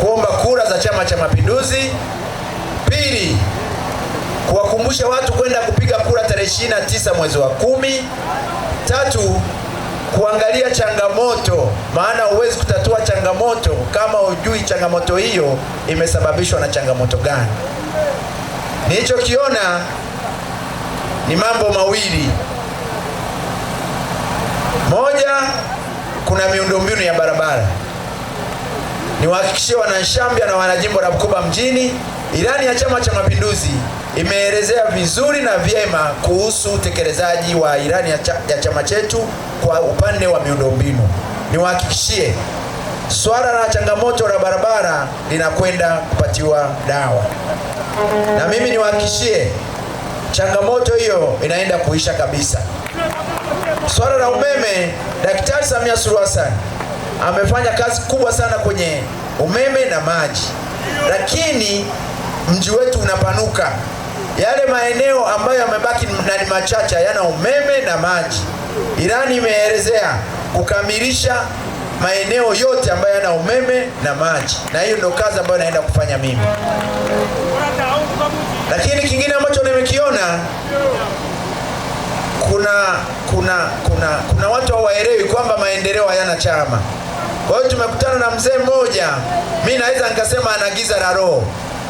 kuomba kura za Chama cha Mapinduzi. Pili, kuwakumbusha watu kwenda kupiga kura tarehe 29 mwezi wa kumi. Tatu, kuangalia changamoto, maana huwezi kutatua changamoto kama hujui changamoto hiyo imesababishwa na changamoto gani. Nilichokiona ni mambo mawili. Moja, kuna miundombinu ya barabara Niwahakikishie wananshambia na wanajimbo la Bukoba mjini, ilani ya Chama cha Mapinduzi imeelezea vizuri na vyema kuhusu utekelezaji wa ilani ya, cha, ya chama chetu kwa upande wa miundombinu. Niwahakikishie swala la changamoto la barabara linakwenda kupatiwa dawa, na mimi niwahakikishie changamoto hiyo inaenda kuisha kabisa. Swala la umeme, Daktari Samia Suluhu Hassan amefanya kazi kubwa sana kwenye umeme na maji, lakini mji wetu unapanuka. Yale maeneo ambayo yamebaki na ni machache yana umeme na maji, Irani imeelezea kukamilisha maeneo yote ambayo yana umeme na maji, na hiyo ndio kazi ambayo naenda kufanya mimi. Lakini kingine ambacho nimekiona kuna, kuna, kuna, kuna watu hawaelewi kwamba maendeleo hayana chama. Kwa hiyo tumekutana na mzee mmoja, mi naweza nikasema ana giza la roho.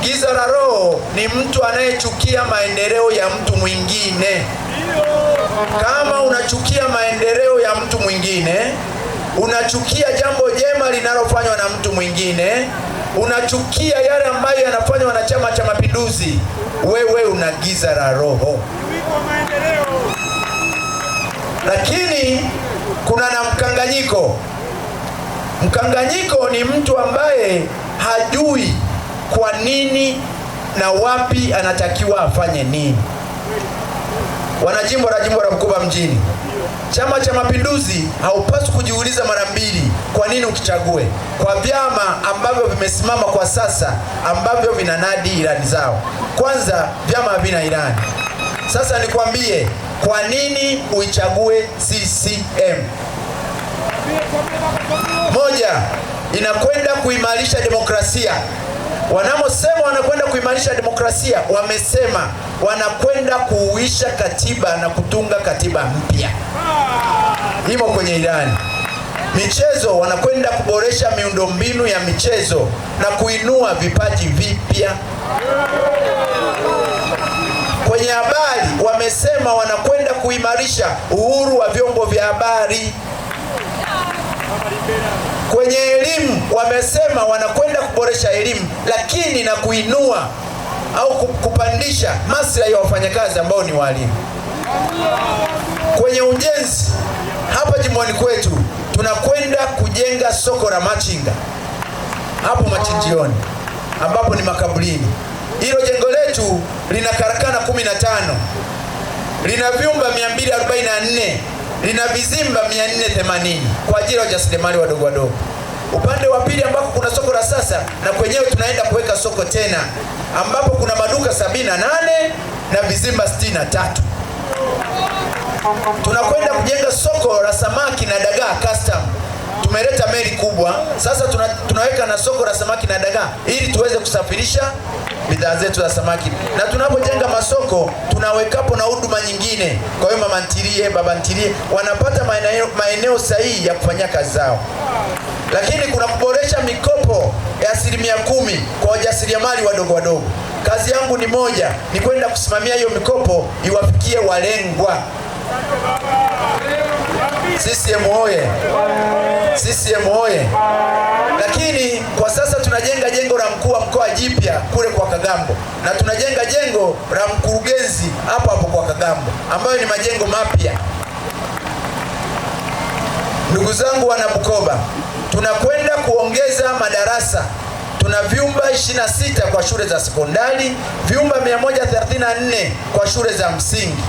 Giza la roho ni mtu anayechukia maendeleo ya mtu mwingine. Kama unachukia maendeleo ya mtu mwingine, unachukia jambo jema linalofanywa na mtu mwingine, unachukia yale ambayo yanafanywa na Chama cha Mapinduzi, wewe una giza la roho. Lakini kuna na mkanganyiko Mkanganyiko ni mtu ambaye hajui kwa nini na wapi anatakiwa afanye nini. Wanajimbo la jimbo la Bukoba mjini, Chama cha Mapinduzi haupaswi kujiuliza mara mbili kwa nini ukichague, kwa vyama ambavyo vimesimama kwa sasa ambavyo vinanadi ilani zao. Kwanza vyama havina ilani. Sasa nikwambie kwa nini uichague CCM. Moja, inakwenda kuimarisha demokrasia. Wanamosema wanakwenda kuimarisha demokrasia, wamesema wanakwenda kuuisha katiba na kutunga katiba mpya, imo kwenye ilani. Michezo, wanakwenda kuboresha miundombinu ya michezo na kuinua vipaji vipya. Kwenye habari, wamesema wanakwenda kuimarisha uhuru wa vyombo vya habari. Kwenye elimu wamesema wanakwenda kuboresha elimu, lakini na kuinua au kupandisha maslahi ya wafanyakazi ambao ni walimu. Kwenye ujenzi hapa jimboni kwetu tunakwenda kujenga soko la machinga hapo machinjioni, ambapo ni makaburini. Hilo jengo letu lina karakana 15 lina vyumba 244 lina vizimba 480 kwa ajili ya wajasiriamali wadogo wadogo. Upande wa pili ambako kuna soko la sasa, na kwenyewe tunaenda kuweka soko tena, ambapo kuna maduka 78 na vizimba 63. Tunakwenda kujenga soko la samaki na dagaa custom tumeleta meli kubwa sasa tuna, tunaweka na soko la samaki na dagaa ili tuweze kusafirisha bidhaa zetu za samaki, na tunapojenga masoko tunawekapo na huduma nyingine. Kwa hiyo mama ntilie, baba ntilie wanapata maeneo, maeneo sahihi ya kufanyia kazi zao. Lakini kuna kuboresha mikopo ya asilimia kumi kwa wajasiriamali wadogo wadogo. Kazi yangu ni moja, ni kwenda kusimamia hiyo mikopo iwafikie walengwa. CCM oye! CCM oye! Lakini kwa sasa tunajenga jengo la mkuu wa mkoa jipya kule kwa Kagambo na tunajenga jengo la mkurugenzi hapo hapo kwa Kagambo, ambayo ni majengo mapya. Ndugu zangu wana Bukoba, tunakwenda kuongeza madarasa tuna vyumba 26 kwa shule za sekondari, vyumba 134 kwa shule za msingi.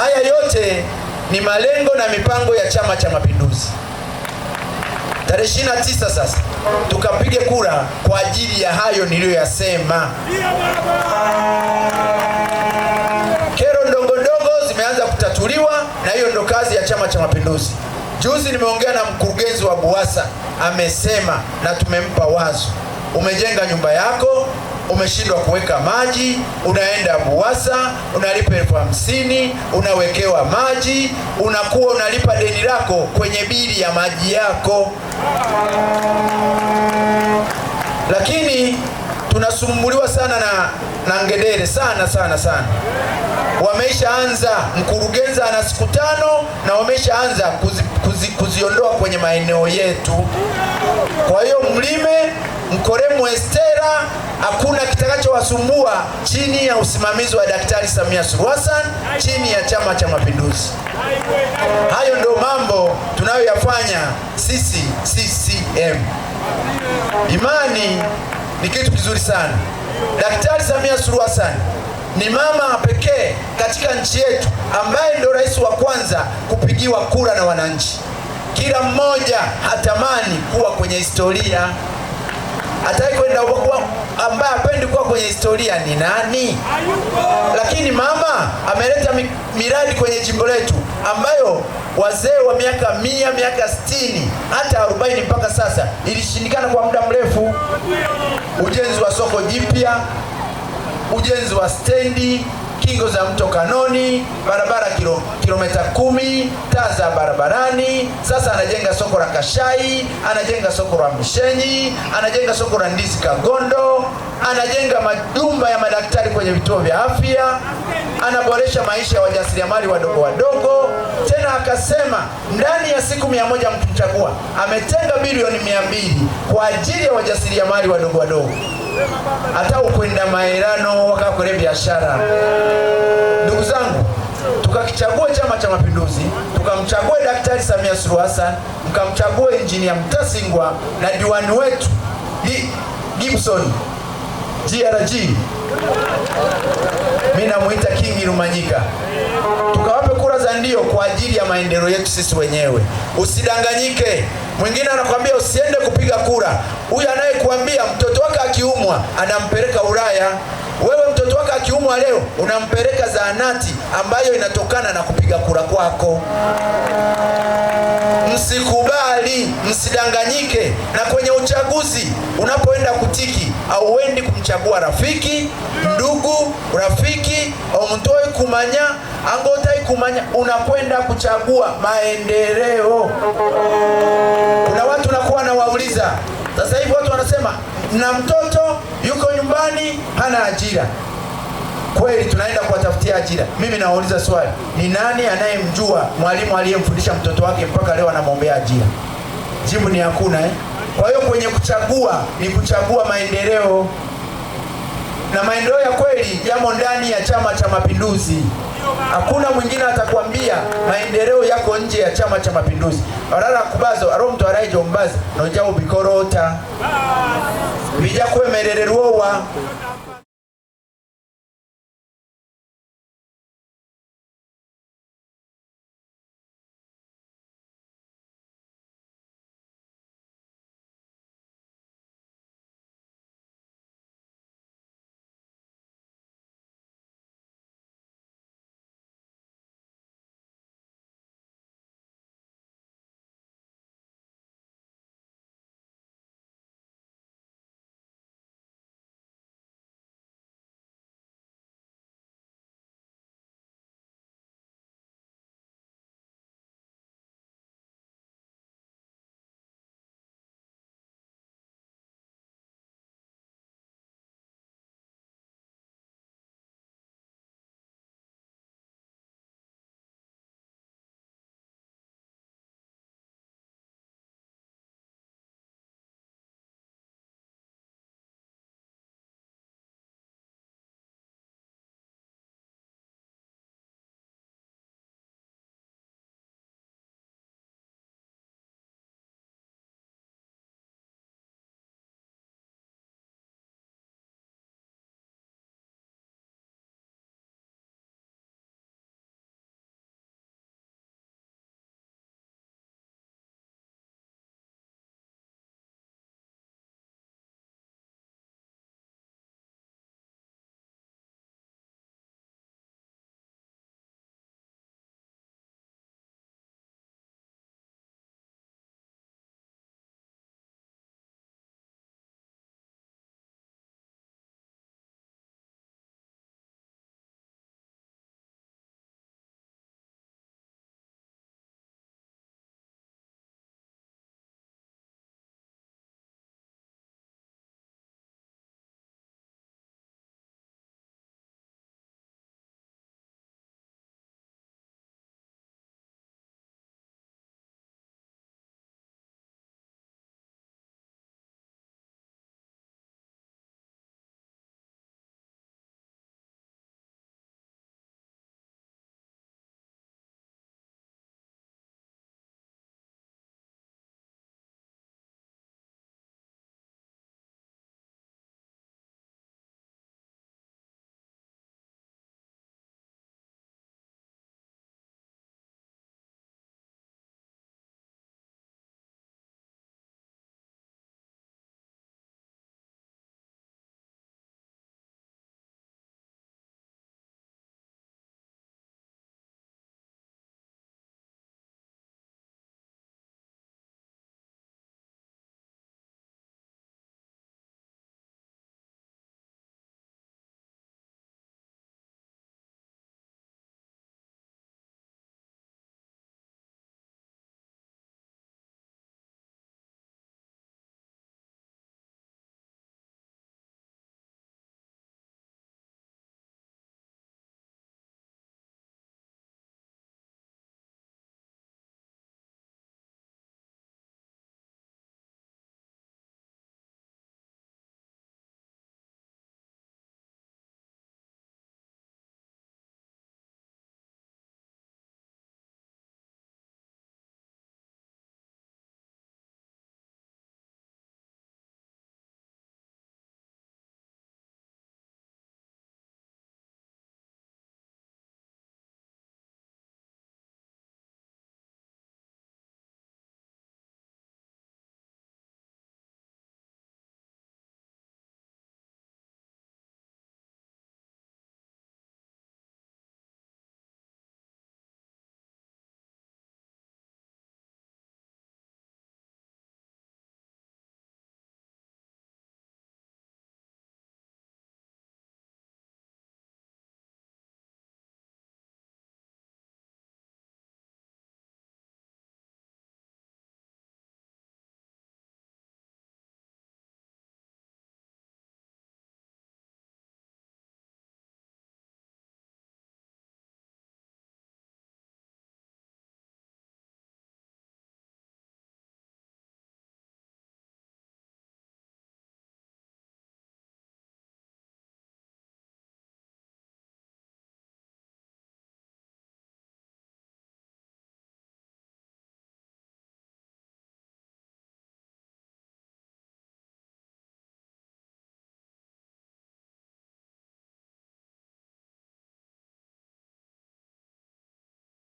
Haya yote ni malengo na mipango ya Chama cha Mapinduzi tarehe 29 sasa tukapige kura kwa ajili ya hayo niliyoyasema. Kero ndogo ndogo zimeanza kutatuliwa, na hiyo ndo kazi ya Chama cha Mapinduzi. Juzi nimeongea na mkurugenzi wa BUWASA amesema, na tumempa wazo, umejenga nyumba yako umeshindwa kuweka maji, unaenda BUWASA unalipa elfu hamsini unawekewa maji, unakuwa unalipa deni lako kwenye bili ya maji yako. Lakini tunasumbuliwa sana na, na ngedere sana sana sana wameshaanza, mkurugenzi ana siku tano na wameshaanza kuzi, kuzi, kuziondoa kwenye maeneo yetu. Kwa hiyo mlime mkoremu estera, hakuna kitakachowasumbua chini ya usimamizi wa Daktari Samia Suluhu Hassan chini ya Chama cha Mapinduzi. Hayo ndio mambo tunayoyafanya sisi CCM. Imani ni kitu kizuri sana. Daktari Samia Suluhu Hassan ni mama pekee katika nchi yetu ambaye ndio rais wa kwanza kupigiwa kura na wananchi. Kila mmoja hatamani kuwa kwenye historia, hatai kwenda kwa ambaye hapendi kuwa kwenye historia ni nani? Lakini mama ameleta miradi kwenye jimbo letu ambayo wazee wa miaka mia, miaka sitini, hata arobaini mpaka sasa ilishindikana kwa muda mrefu. Ujenzi wa soko jipya ujenzi wa stendi, kingo za mto Kanoni, barabara kilo, kilometa kumi, taa za barabarani. Sasa anajenga soko la Kashai, anajenga soko la Mshenyi, anajenga soko la Ndizi Kagondo, anajenga majumba ya madaktari kwenye vituo vya afya, anaboresha maisha ya wajasiriamali wadogo wadogo. Tena akasema ndani ya siku mia moja mkichagua, ametenga bilioni mia mbili kwa ajili ya wajasiriamali wadogo wadogo hata ukwenda maerano waka biashara. Ndugu zangu, tukakichagua Chama cha Mapinduzi, tukamchagua Daktari Samia Suluhu Hassan, mkamchagua Injinia Mtasingwa na diwani wetu Gibson GRG, mimi namuita King Rumanyika, tukawape kura za ndio kwa ajili ya maendeleo yetu sisi wenyewe. Usidanganyike. Mwingine anakwambia usiende kupiga kura. Huyu anayekuambia mtoto wake akiumwa anampeleka Ulaya, wewe mtoto wake akiumwa leo unampeleka zahanati ambayo inatokana na kupiga kura kwako msikubali, msidanganyike. Na kwenye uchaguzi unapoenda kutiki, auendi kumchagua rafiki, ndugu, rafiki au mtoi kumanya angotai kumanya, unakwenda kuchagua maendeleo. Kuna watu nakuwa nawauliza sasa hivi, watu wanasema na mtoto yuko nyumbani hana ajira kweli tunaenda kuwatafutia ajira. Mimi nawauliza swali, ni nani anayemjua mwalimu aliyemfundisha mtoto wake mpaka leo anamwombea ajira? Jibu ni hakuna eh? Kwa hiyo kwenye kuchagua ni kuchagua maendeleo, na maendeleo ya kweli yamo ndani ya Chama cha Mapinduzi. Hakuna mwingine atakwambia maendeleo yako nje ya Chama cha Mapinduzi arara kubazo aro mtu arai jombazi nojao bikorota bikora ota